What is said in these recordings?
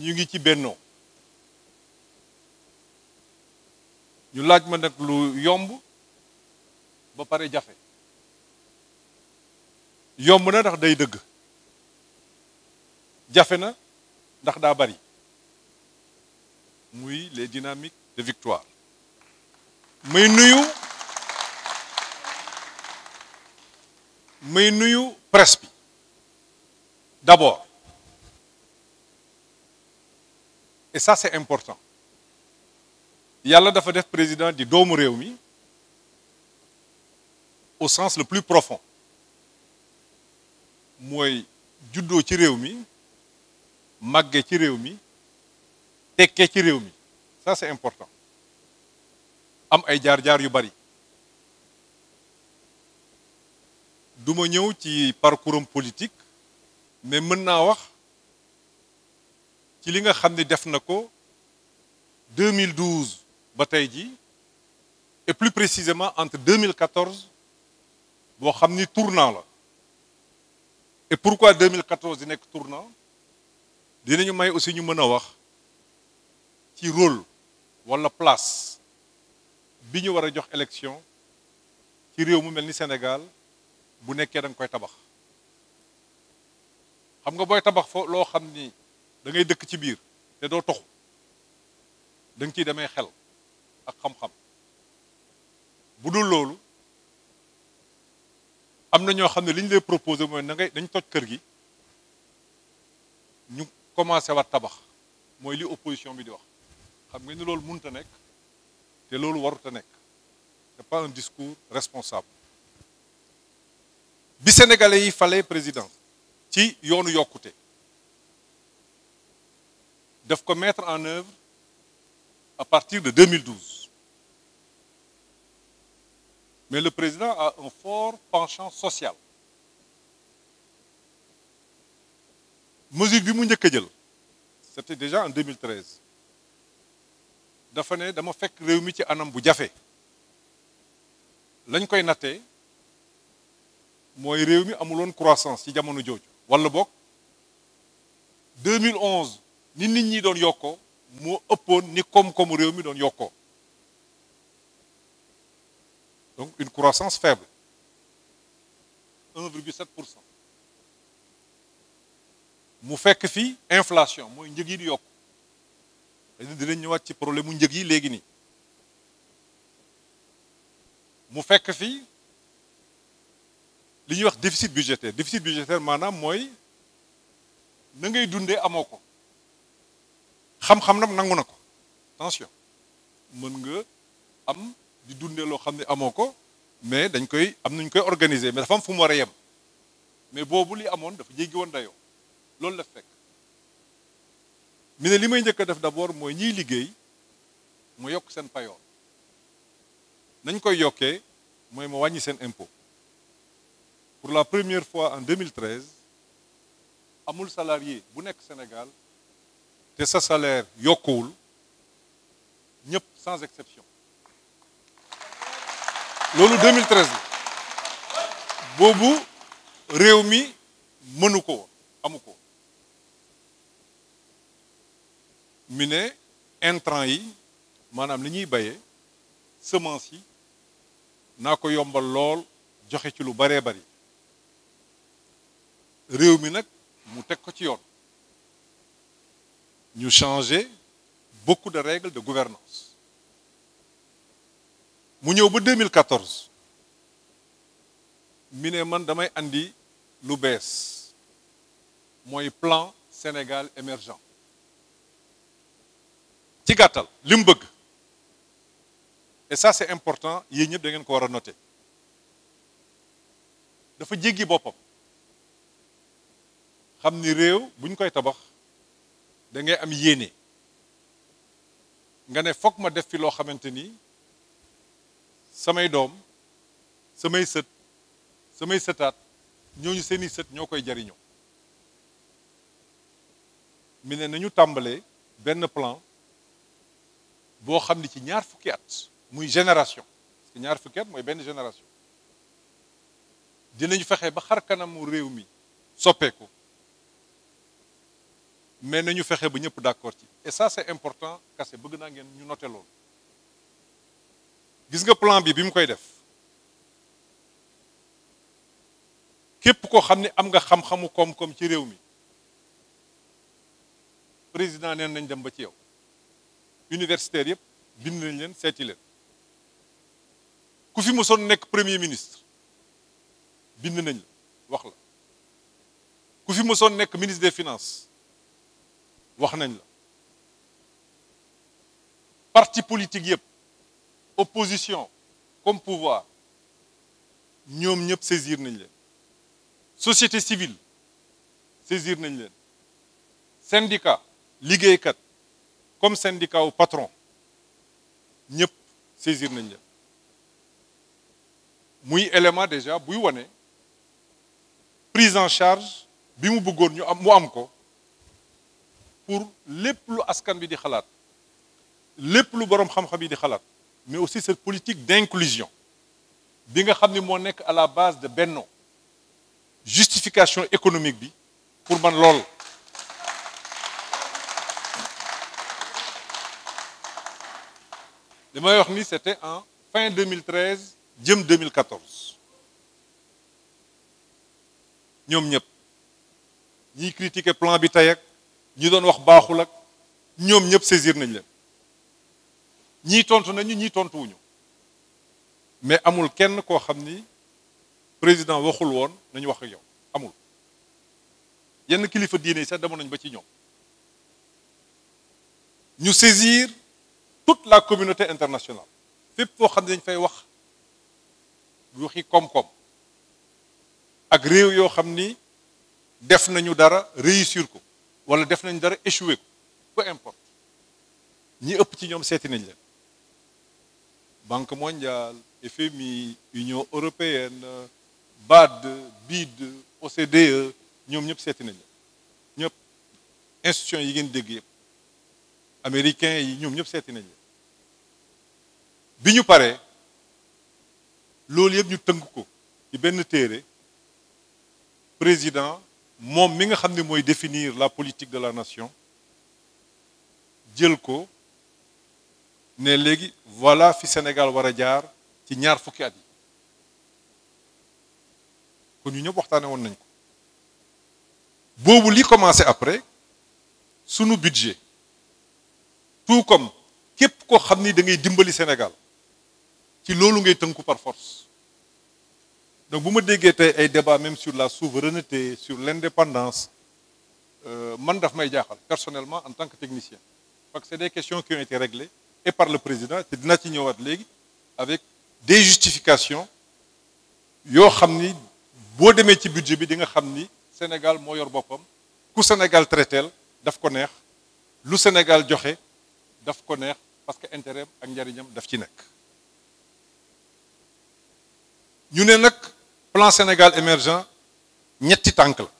ñu ngi ci bennoo ñu laaj ma nag lu yomb ba pare jafe yomb na ndax day dëgg jafe na ndax daa bari muy les dynamiques de victoire muy nuyu may nuyu presse bi d'abord et ça c'est important yàlla dafa def président di doomu réew mi au sens le plus profond mooy juddo ci réew mi màgge ci réew mi tekkee ci réew mi ça c'est important am ay jaar-jaar yu bari duma ñëw ci parcours am politique mais mën naa wax ci li nga xam ne def na ko 2012 ba tey ji et plus précisément entre 2014 boo xam ni tournant la et pourquoi 2014 di nekk tournant dinañu may aussi ñu mën a wax ci rôle walla place bi ñu war a jox élection ci réew mu mel ni Sénégal bu nekkee da koy tabax xam nga booy tabax fo loo xam ni da ngay dëkk ci biir te doo toxu danga nga ciy demee xel ak xam-xam bu dul loolu am na ñoo xam ne li ñu lay proposé mooy na ngay dañ toj kër gi ñu commencé waat tabax mooy li opposition bi di wax xam nga ni loolu mënut a nekk te loolu warut nekk c'est pas un discours responsable bi sénégalais yi fale président ci yoonu yokkute daf ko mettre en œuvre à partir de 2012 mais le président a un fort penchant social mesure bi mu njëkk a jël c'était déjà en 2013 dafa ne dama fekk réew mi ci anam bu jafe lañ koy nattee mooy réew mi amul amuloon croissance ci jamono jooju wala boog 2011 ni nit ñi doon yokkoo moo ëppoon ni koom-koomu réew mi doon yokkoo donc une croissance faible 1,7 pour cent mu fekk fii inflation mooy njëg yi di yokk dinañ ñëwaat ci problème mu njëg yi léegi nii mu fekk fii li ñuy wax déficit budgétaire déficit budgétaire maanaam mooy na ngay dundee amoo ko xam-xam nag nangu na ko attention mën nga am di dundee loo xam ne amoo ko mais dañ koy am nañ koy organiser mais dafa am fu mu war a yem mais boobu li amoon dafa jéggi woon dayoo loolu la fekk mi ne li may njëkk a def d'abord mooy ñiy liggéey mu yokk seen payoor nañ koy yokkee mooy ma wàññi seen impôt pour la première fois en 2013 amul salarié bu nekk Sénégal te sa salaire yokkuwul ñëpp sans exception loolu 2013 la boobu réew mi mënu ko woon amu ko woon mi ne intrant yi maanaam li ñuy bayee semence yi naa ko yombal lool joxe ci lu baree bari réew mi nag mu teg ko ci yoon ñu changer beaucoup de règles de gouvernance mu ñëw ba 2014 mi ne man damay andi lu bees mooy plan Sénégal émergent ci gàttal li mu bëgg et ça c'est important yéen ñëpp da ngeen ko war a noter dafa jéggi boppam xam ni réew bu ñu koy tabax da ngay am yéene nga ne foog ma def fi loo xamante ni samay doom samay sët samay sëtaat ñooñu seeni sët ñoo koy jariñoo mi ne nañu tàmbalee benn plan boo xam ni ci ñaar fukki at muy génération parce ñaar fukki at mooy benn génération dinañu fexe ba xar kanamu réew mi soppeeku mais nañu fexe ba ñëpp d'accord ci et ça c'est important parce que bëgg naa ngeen ñu noté loolu gis nga plan bi bi mu koy def képp koo xam ne am nga xam-xamu koom-koom ci réew mi président neen nañ dem ba ci yow universitaire yëpp bind nañ leen seeti leen ku fi mësoon nekk premier ministre bind nañ la wax la ku fi mësoon nekk ministre des finance wax nañ la parti politique yëpp opposition comme pouvoir ñoom ñëpp saisir nañ leen société civile saisir nañ leen syndicat liggéeykat comme syndicat ou patron ñëpp saisir nañ leen muy élément déjà buy wane prise en charge bi mu bëggoon ñu am mu am ko pour lépp lu askan bi di xalaat lépp lu borom xam-xam yi di xalaat mais aussi cette politique d'inclusion bi nga xam ni moo nekk à la base de Benno justification économique bi pour man lool li may wax ni c'était en fin 2013 jëm 2014 ñoom ñëpp ñiy critiquer plan bi tey ñi doon wax baaxul ak ñoom ñëpp saisir nañ leen ñii tontu nañu ñii tontuwuñu mais amul kenn koo xam ni président waxul woon nañu wax ak yow amul yenn kilifa diine yi sax demoon nañ ba ci ñoom ñu saisir toute la communauté internationale fépp foo xam ne dañ fay wax waxi koom-koom ak réew yoo xam ni def nañu dara réussir ko wala def nañ dara échoué ko peu importe ñi ëpp ci ñoom seeti nañ la banque mondiale FMI union européenne BAD BID OCDE ñoom ñëpp seeti nañ leen ñëpp institutions yi ngeen dégg yëpp américains yi ñoom ñëpp seeti nañ leen bi ñu paree loolu yëpp ñu tënk ko ci benn téere président moom mi nga xam ne mooy définir la politique de la nation jël ko ne léegi voilà fi Sénégal war a jaar ci ñaar fukki at yi kon ñu ñëpp waxtaane woon nañ ko boobu li commencé après sunu budget tout comme képp koo xam ni da ngay dimbali Sénégal ci loolu ngay tënku par force donc bu ma déggee tey ay débat même sur la souveraineté sur l'indépendance euh, man daf may jaaxal personnellement en tant que technicien parce que c'est des questions qui ont été réglées et par le président te dinaa ci ñëwaat léegi avec des justifications yoo xam ni boo demee ci budget bi di nga xam ni Sénégal moo yor boppam ku Sénégal traiteel daf ko neex lu Sénégal joxe daf ko neex parce que intérêt ak njariñam daf ci nekk ñu ne nag plan Sénégal émergent ñetti tànk la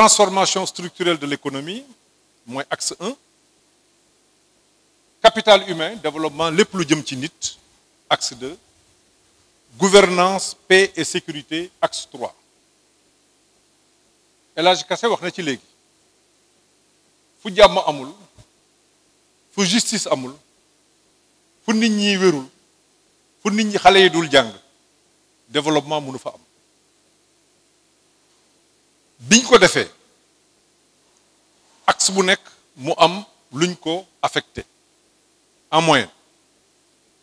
transformation structurelle de l'économie mooy axe un capital humain développement lépp lu jëm ci nit axe deux gouvernance paix et sécurité axe trois El Hadj Kassé wax na ci léegi fu jàmm amul fu justice amul fu nit ñi wérul fu nit ñi xale yi dul jàng développement mënu fa am biñ ko defee axe bu nekk mu am luñ ko affecté en moyenne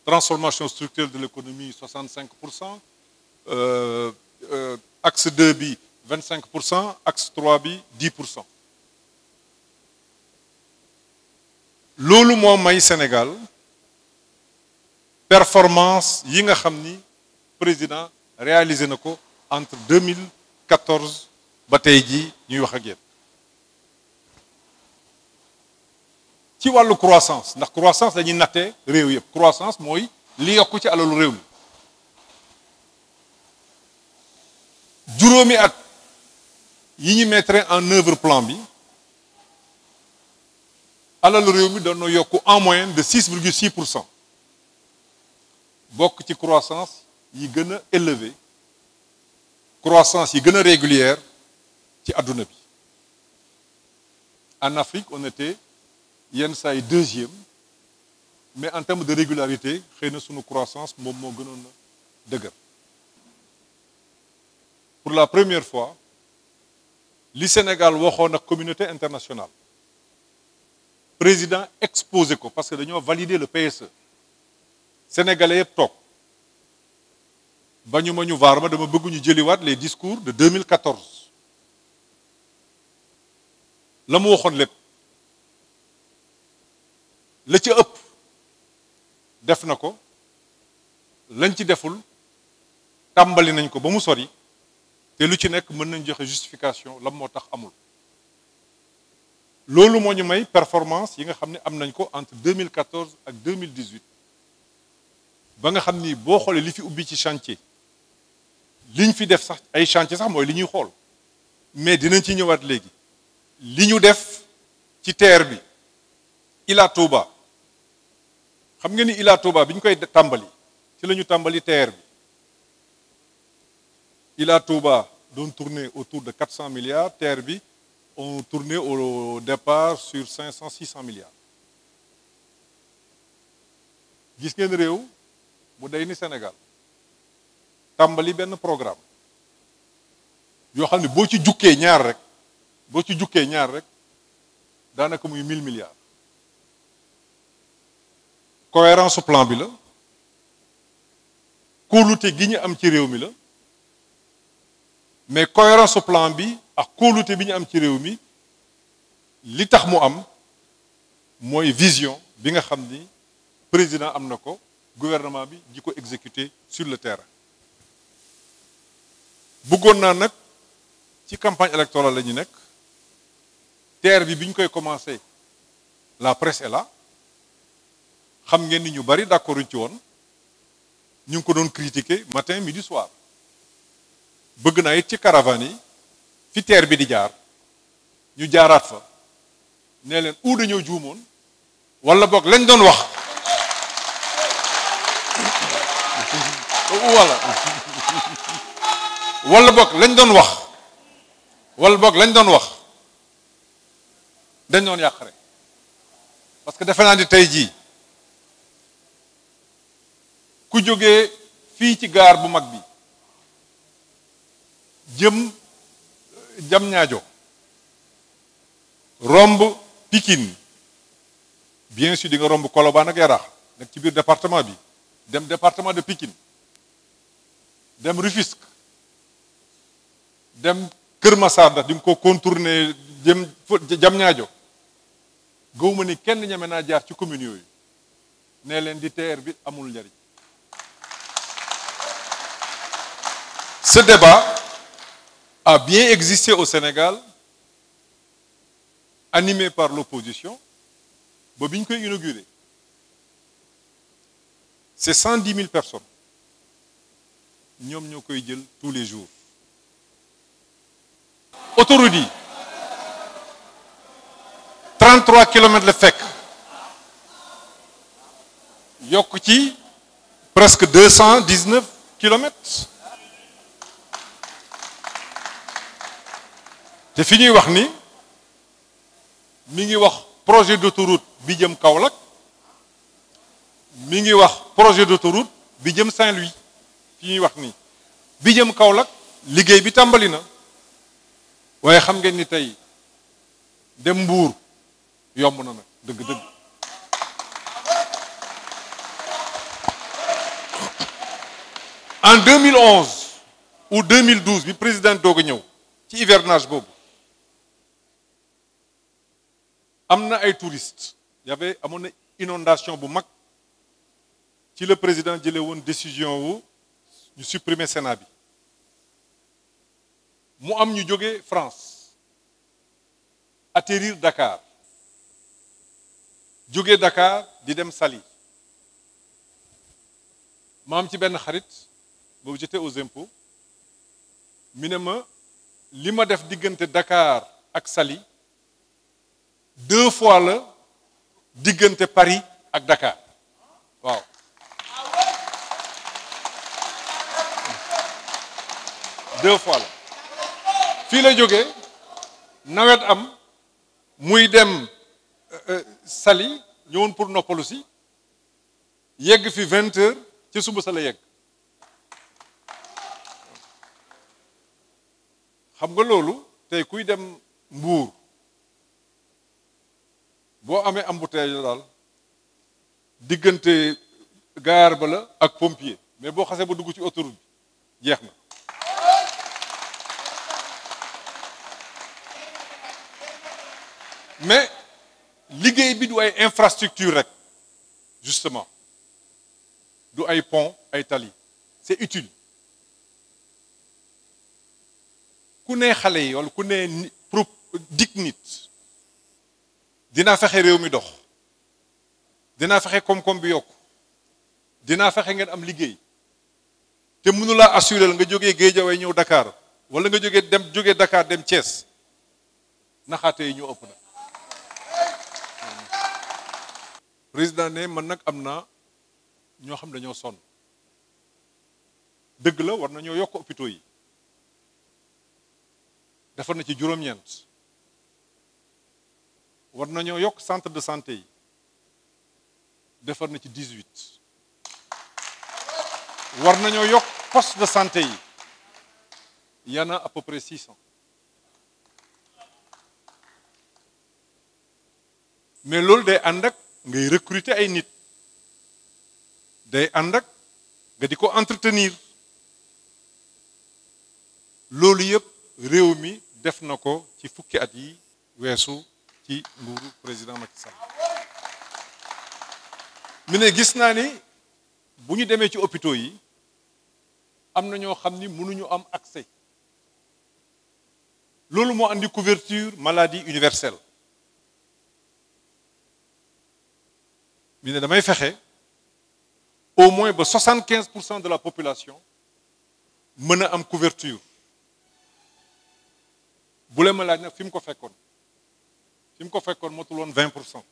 transformation structurelle de l'économie 65 pour cent euh, euh, axe 2 bi pour cent axe bi 10 pour cent loolu moo may Sénégal performance yi nga xam ni président réalisé na ko entre 2014 ba tey jii ñuy wax ak yéen ci wàllu croissance ndax croissance dañuy nattee réew yëpp croissance mooy li yokk ci alalu réew mi juróomi at yi ñu mettre en œuvre plan bi alalu réew mi doon na yokku en moyenne de 6,6 pour cent bokk ci croissance yi gën a élevé croissance yi gën a régulière ci àdduna bi en Afrique on était yenn saa yi deuxième mais en termes de régularité xëy na sunu croissance moom moo gënoon a dëgër pour la première fois li Sénégal waxoon ak communauté internationale président exposé ko parce que dañoo valider le PSE sénégalais yëpp toog ba ñu ma ñu vaar ma dama bëgg ñu jëliwaat les discours de 2014 la mu waxoon lépp la ca ëpp def na ko lañ ci deful tàmbali nañ ko ba mu sori te lu ci nekk mën nañ joxe justification lam moo tax amul loolu moo ñu may performance yi nga xam ne am nañ ko entre mille 2014 ak mille 2018 ba nga xam ni boo xoolee li fi ubbi ci chantier li ñu fi def sax ay chantier sax mooy li ñuy xool mais dinañ ci ñëwaat léegi li ñu def ci terre bi Ila Touba xam nga ni Ila Touba bi ñu koy tàmbali ci la ñu tàmbali terre bi Ila Touba doon tourner autour de 400 milliards terre bi on tournait au départ sur 500 600 milliards gis ngeen réew bu day ni Sénégal tàmbali benn programme yoo xam ne boo ci jukkee ñaar rek boo ci jukkee ñaar rek daanaka muy mille milliards cohérence plan bi la kóolute gi ñu am ci réew mi la mais cohérence plan bi ak kóolute bi ñu am ci réew mi li tax mu am mooy vision bi nga xam ni président am na ko gouvernement bi di ko exécuter sur le terrain bëggoon naa nag ci campagne électorale la ñu nekk terre bi bi ñu koy commencé la presse est xam ngeen ni ñu bari d'accord ci woon ñu ngi ko doon critiquer matin midi soir bëgg naa it ci caravane yi fi terre bi di jaar ñu jaaraat fa nee leen ou dañoo juumoon wala boog lañ doon wax wala boog lañ doon wax wala boog lañ doon wax dañ doon yàq rek parce que defe naa ni tey jii ku jógee fii ci gaar bu mag bi jëm jam ñaajo romb Pikine bien sûr di nga romb Colobane ak Yaraax nag ci biir département bi dem département de Pikine dem Rufisque dem Kër Massar ndax di nga ko contourner jëm jam ñaajo gawuma ni kenn ñeme naa jaar ci commune yooyu nee leen di TER bi amul njariñ ce débat a bien existe au Sénégal animé par l'opposition ba bi ñu koy inauguré c'est cent dix mille personnes ñoom ñoo koy jël tous les jours autoroute yi 33 kilomètres la fekk yokk ci presque 219 kilomètres te fi ñuy wax ni mi ngi wax projet d'autoroute bi jëm Kaolack mi ngi wax projet d'autoroute bi jëm Saint-Louis fi ñuy wax ni bi jëm Kaolack liggéey bi tàmbali na waaye xam ngeen ni tey dem mbuur yomb na nag dëgg-dëgg en 2011 ou 2012 bi président doog a ñëw ci hivernage boobu am na ay touristes y amoon na inondation bu mag ci la président jëlee woon décision wu ñu supprimer Sénat bi mu am ñu jóge France atterrir Dakar jóge Dakar di dem sali ma am ci benn xarit boobu j'étais aux impôts mi ne ma li ma def diggante Dakar ak sali deux fois la diggante Paris ak Dakar waaw deux fii la jóge nawet am muy dem euh, euh, Saly ñëwoon pour noppalu si yegg fi vingt heures ci suba sa la yegg xam nga loolu tey kuy dem Mbuur boo amee am embouteillage daal diggante gaar ba la ak pompier mais boo xasee ba dugg ci autoroute bi jeex na mais liggéey bi du ay infrastructure rek justement du ay pont ay tali c'est utile ku ne xale yi wala ku ne pro dik nit dinaa fexe réew mi dox dinaa fexe koom-koom bi yokku dinaa fexe ngeen am liggéey te mënu laa la nga jógee Guédiawaye ñëw dakaar wala nga jóge dem jógee Dakar dem Thiès naxaate yi ñoo ëpp na président ne man nag am na ñoo xam dañoo sonn dëgg la war nañoo yokk opito yi defar na ci juróom-ñeent war nañoo yokk centre de santé yi defar na ci dix-huit war nañoo yokk poste de santé yi y en a à peu six cents mais loolu day ànd ak ngay recruter ay nit day ànd ak nga di ko entretenir loolu yëpp réew mi def na ko ci fukki at yi weesu ci nguuru président Macky Sall mu ne gis naa ni bu ñu demee ci hôpitaux yi am na ñoo xam ni mënuñu am accès loolu moo andi couverture maladie universelle ñu ne damay fexe au moins ba soixante quinze pour cent de la population mën a am couverture bu leen ma laaj fi mu ko fekkoon fi mu ko fekkoon motul woon pour cent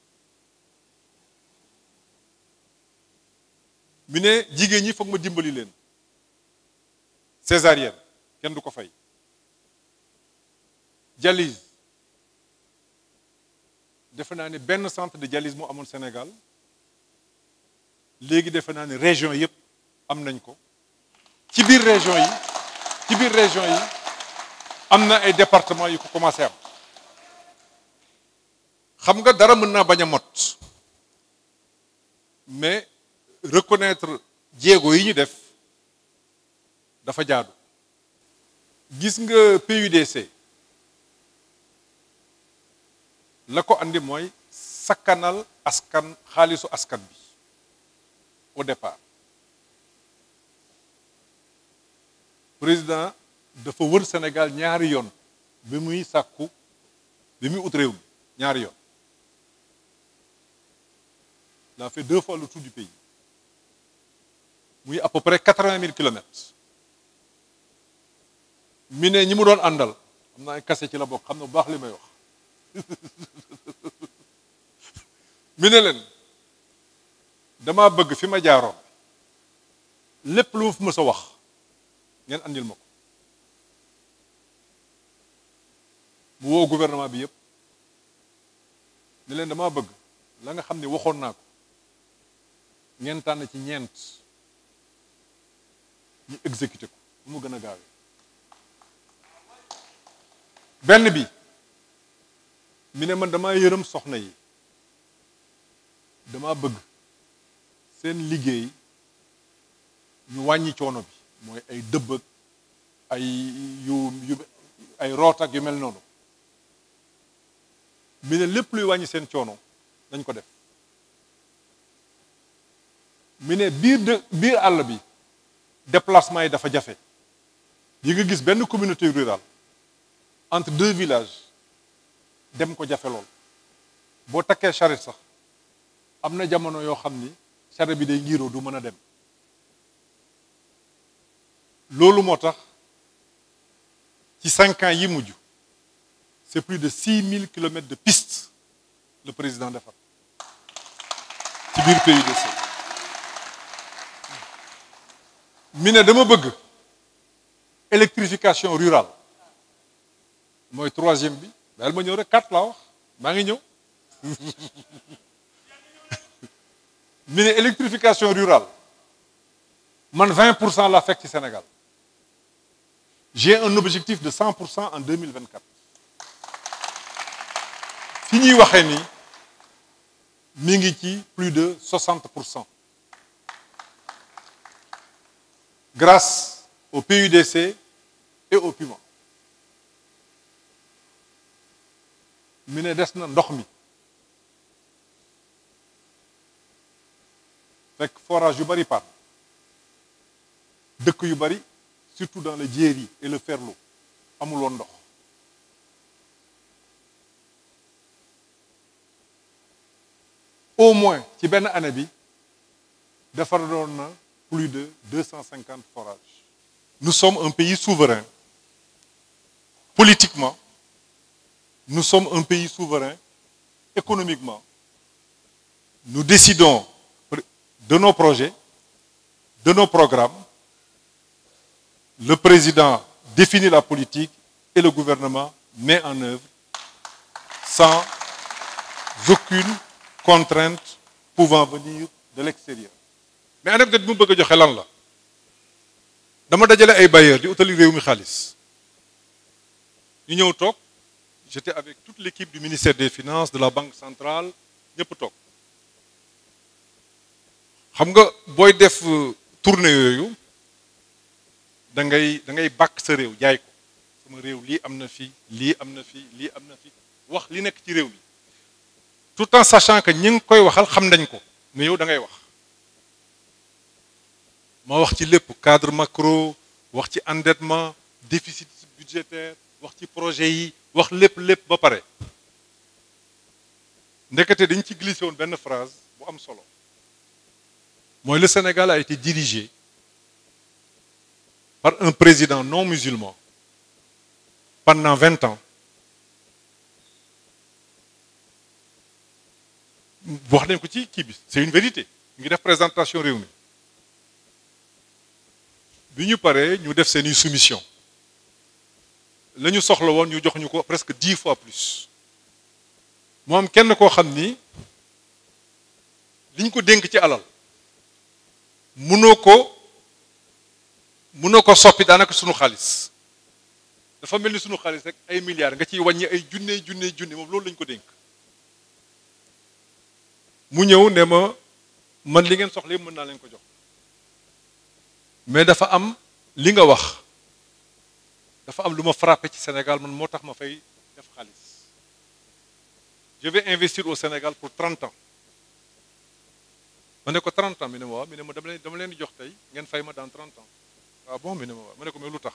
mu ne jigéen ñi foog ma dimbali leen césarienne kenn du ko fay dialyse defe naa ne benn centre de dialyse mu amoon Sénégal léegi defe naa ne région yëpp am nañ ko ci biir région yi ci biir région yi am na ay département yu ko commencé am xam nga dara mën naa bañ a mot mais reconnaître jéego yi ñu def dafa jaadu gis nga PUDC la ko andi mooy sakkanal askan xaalisu askan bi de départ président dafa wër Sénégal ñaari yoon bi muy sàkku bi muy ut ñaari yoon il a fait deux fois le tour du pays muy à près quatre-vingt mille kilomètres mi ne ñi mu doon àndal xam naa kase ci la bokk xam na bu baax li may wax mi ne leen damaa bëgg fi ma jaaroon lépp lu ma fi mës a wax ngeen andil ma ko mu woo gouvernement bi yëpp ne leen damaa bëgg la nga xam ne waxoon naa ko ngeen tànn ci ñeent ñu exécuté ko mu gën a gaawee benn bi mu ne man dama yërëm soxna yi dama bëgg seen liggéey ñu wàññi coono bi mooy ay dëbb ak ay yu yu ay root ak yu mel noonu mi lépp luy wàññi seen coono dañ ko def mi ne biir àll bi déplacement yi dafa jafe yi nga gis benn communauté rural entre de villages dem ko jafe lool boo takkee charrette sax am na jamono yoo xam ni saret bi day ngiiroo du mën a dem loolu moo tax ci cinq ans yi mujj c'est plus de six mille kilomètres de piste le président de defar ci biir PUDC mi ne dama bëgg électrification rurale mooy troisième bi daal ma ñëw rek quatre laa wax maa ngi ñëw ñu ne électrification rurale man 20 pour cent laa fekk ci Sénégal j'ai un objectif de 100 pour cent en 2024 fi ñuy waxee ni mi ngi ci plus de 60 pour cent grâce au PUDC et au PUMA mi ne des na ndox mi fekk forage yu bëri par dëkk yu bëri surtout dans le Djéri et le Ferlo amuloon ndox au moins ci benn année bi defar doon na plus de deux cent cinquante forages nous sommes un pays souverain politiquement nous sommes un pays souverain économiquement nous décidons de nos projets, de nos programmes. Le président définit la politique et le gouvernement met en œuvre sans aucune contrainte pouvant venir de l'extérieur. mais anecdote de mu bëgg a joxe lan la dama dajale ay bailleurs di utali mi xaalis ñu ñëw toog j'étais avec toute l'équipe du ministère des finances de la banque centrale ñëpp toog xam nga booy def euh, tournée yooyu da ngay da bàkk sa réew jaay ko sama réew lii am na fii lii am na fi lii am na fii wax li nekk ci réew mi tout temps sachant que ñi ngi koy waxal xam nañ ko mais yow da ngay wax ma wax ci lépp cadre macro wax ci endettement déficit budgétaire wax ci projet yi wax lépp lépp ba pare ndekete dañ ci glissé woon benn phrase bu am solo mooy le Sénégal a été dirigé par un président non musulman pendant 20 ans. C'est une vérité. Nous avons présentation réunie. bi ñu paree ñu def seeni soumission la ñu soxla woon ñu jox ñu ko presque dix fois plus moom kenn koo xam ni li ñu ko dénk ci alal mënoo ko mënoo ko soppi daanaka sunu xaalis dafa mel ni sunu xaalis rek ay milliards nga ciy wàññi ay junne junne junne moom loolu lañ ko dénk mu ñëw ne ma man li ngeen soxla mën naa leen ko jox mais dafa am li nga wax dafa am lu ma frappé ci Sénégal man moo tax ma fay def xaalis je investir au Sénégal pour 30 ans ma ne ko 30 ans mi ne ma waaw mi dama leen di jox tey ngeen fay ma dans 30 ans waaw ah bon mi waaw ma ne ko mais lu tax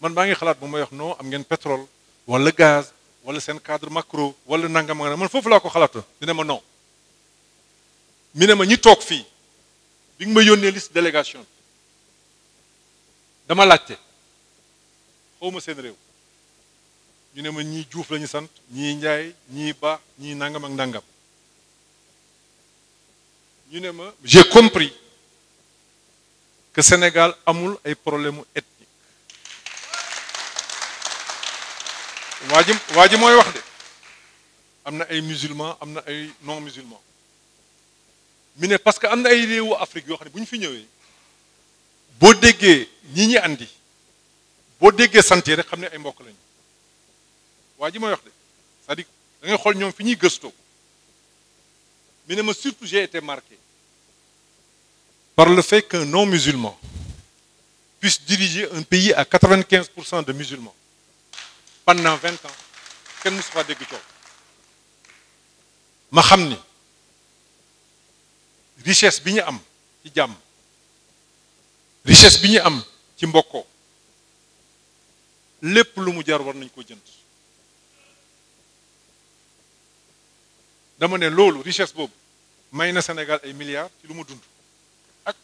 man maa ngi xalaat bu may wax noo am ngeen pétrole wala gaz wala seen cadre macro wala nangam nga man foofu laa ko xalaata mi ma non ne ma ñi toog fii bi ma yónnee liste délégation dama laajte xaw ma réew ñu ne ma ñii Juuf la sant ñii Njaay ñii Ba ñii nangam ak nangam ñu ne ma j'ai compris que Sénégal amul ay problème mu ethnique waa ji waa ji mooy wax de am na ay musulman am na ay non musulman mi ne parce que am na ay réewu Afrique yoo xam ne bu ñu fi ñëwee boo déggee ñi ñi andi boo déggee sant yi rek xam ne ay mbokk lañu waa ji mooy wax de cest dire da xool ñoom fi ñuy gëstoo mi ne ma surtout j'ai été marqué par le fait qu'un non-musulman puisse diriger un pays à 95% de musulmans pendant 20 ans kenn musu faa dégg coow ma xam ni richesse bi ñu am ci jàmm richesse bi ñu am ci mbokkoo lépp lu mu jar war nañ ko jënd dama ne loolu richesse boobu may na Sénégal ay milliards ci lu mu dund